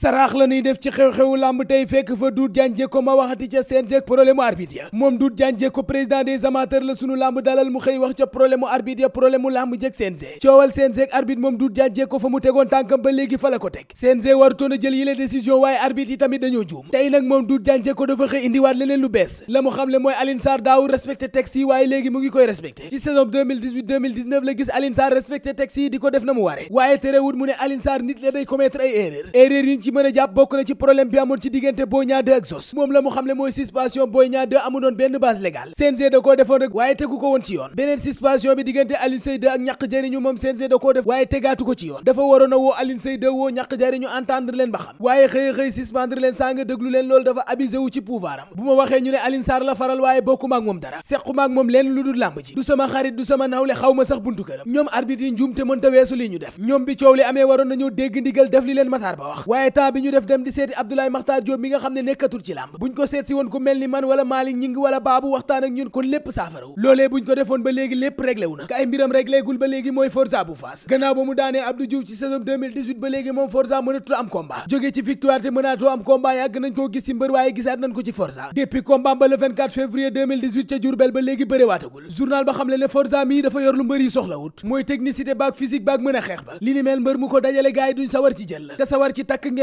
saraax la ñuy def ci xew-xewu làmb tey fekk fa Doudou Diagne Diécko ma waxati ca CNG problème mu arbitre ya moom Doudou Diagne Diécko président des amateurs la sunu làmb dalal mu xëy wax ca problème mu arbitre ya problème mu làmb jëg CNG coowal CNG arbitre moom Doudou Diagne Diécko fa mu tegoon tànkam ba léegi fa la ko teg CNG warutoon a jël yile décision waaye arbitre yi tamit dañoo juum tey nag moom Doudou Diagne Diécko dafa xëy indiwaat leneen lu bees la mu ngi koy respecté ci saison 2018 2019 ko def na mu ware waaye terewul mu ci mën a jàpp bokk na ci problème bi amoon ci diggante Boy Niang 2 ak Zoss moom la mu xamle mooy suspension Boy Niang 2 amuloon benn base légale CNG da koo defoon rek waaye tegu ko woon ci yoon beneen suspension bi diggante Alioune Seye 2 ak ñàkk jariñu moom CNG da koo def waaye tegaatu ko ci yoon dafa waroon a woo Alioune Seye 2 woo ñàkk jariñu entendre leen ba xam waaye xëy xëy suspendre leen saa nga déglu leen loolu dafa abusé wu ci pouvoir am waxee ñu ne Alioune Sarr la waaye bokkuma moom dara sequma ak moom leen lu dul làmb ji du sama xarit du sama nawle xaw ma sax buntu këram ñoom arbitre yi njuumte mënta weesu li ñu def ñoom bi coow li amee nañu dégg ndigal def leen Matar Ba wax waaye temps bi ñu def dem di seeti Abdoulaye Makhtar Diop mi ci làmb ba léegi lépp réglé bu Fass gannaaw ba mu daanee Abdou ci saison ba léegi moom Forza mënatul am combat jógee ci victoire te mënaatoo am combat yàgg nañ koo gis ci mbër waaye gisaat nañ ko ci Forza depuis combat ba le 24 février 2018 ca ba léegi bërewaatagul journal ba xamle ne Forza mii dafa yor lu soxlawut mooy technicité baak physique baak mën xeex ba li ni mel mbër mu ko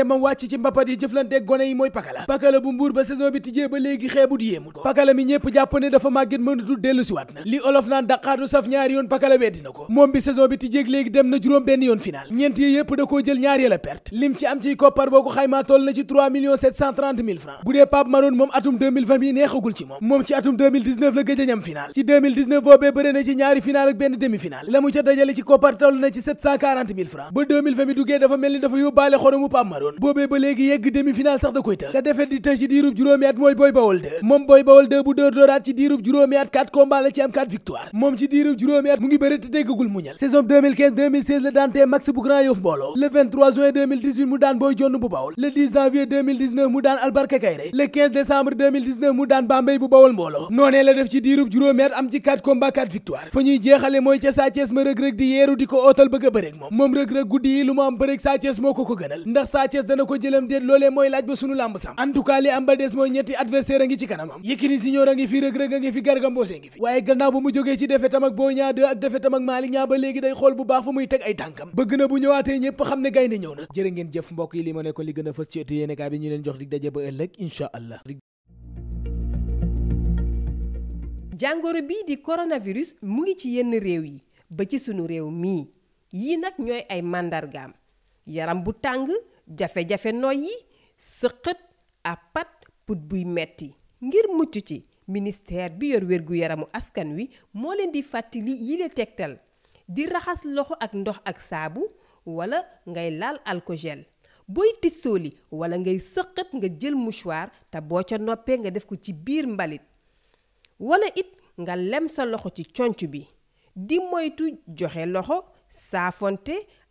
ma wàcc ci mbapat yi jëflanteeg gone yi mooy pakala pakala bu mbuur ba saison bi tijjee ba léegi xeebut yéemut ko pakala mi ñépp jàpp dafa màgget mënatul dellu siwaat na li olof naan daqaatu saf ñaari yoon pakala weddi na ko moom bi saison bi tijjeeg léegi dem na juróom benn yoon final ñeent yi yépp da koo jël ñaar perte lim ci am ciy koppar boo ko xaymaa toll na ci 3 millions 730 mille francs bu dee Pape Maroon moom atum neexagul a ñam final ci 2019 boobee bëre boobee ba léegi yegg demi-finale sax da koy tëx te defet di tëx ci diirub juróomi at mooy Boy Bawol 2 moom Boy Bawol 2 bu dóor dóoraat ci diirub juróomi at 4 combat la ci am 4 victoire moom ci diirub juróomi at mu ngi bëri te déggagul muñal saison 2015 2016 la daan tee max bu Grand Yoff mbooloo le 23 juin 2018 mu daan Boy Jonn bu Bawol le 10 janvier 2019 mu daan Albarka Kayre le 15 décembre mu daan Bambey bu Bawol mbooloo noonee dana ko jëlam déet loolee mooy laaj ba sunu làmb sam en tout cas li am ba des mooy ñetti adversaire a ngi ci kanamam Yékini Senior a ngi fi Reug Reug a ngi fi Garga Mbossé ngi fi waaye gannaaw ba mu jógee ci defetam ak Boy Niang 2 ak defetam ak Malick Niang ba léegi day xool bu baax fu muy teg ay tànkam bëgg na bu ñëwaatee ñëpp xam ne gaynde ñëw na jërë ngeen jëf mbokk yi li ma nekkoon li gën a fës ci ëttu yéenekaay bi ñu leen jox dig daje ba ëllëg incha allah jàngoro bii di coronavirus mu ngi ci yenn réew yi ba ci sunu réew mii nag ñooy ay màndargaam yaram bu jafe-jafe noyyi sëqët apat put buy metti ngir mucc ci ministère bi yor wérgu yaramu askan wi moo leen di fàttali yile tegtal di raxas loxo ak ndox ak saabu wala ngay laal alkogel booy tissooli wala ngay sëqat nga jël mouchoir te boo ca noppee nga def ko ci biir mbalit wala it nga lem sa loxo ci conc bi di moytu joxe loxo saafonte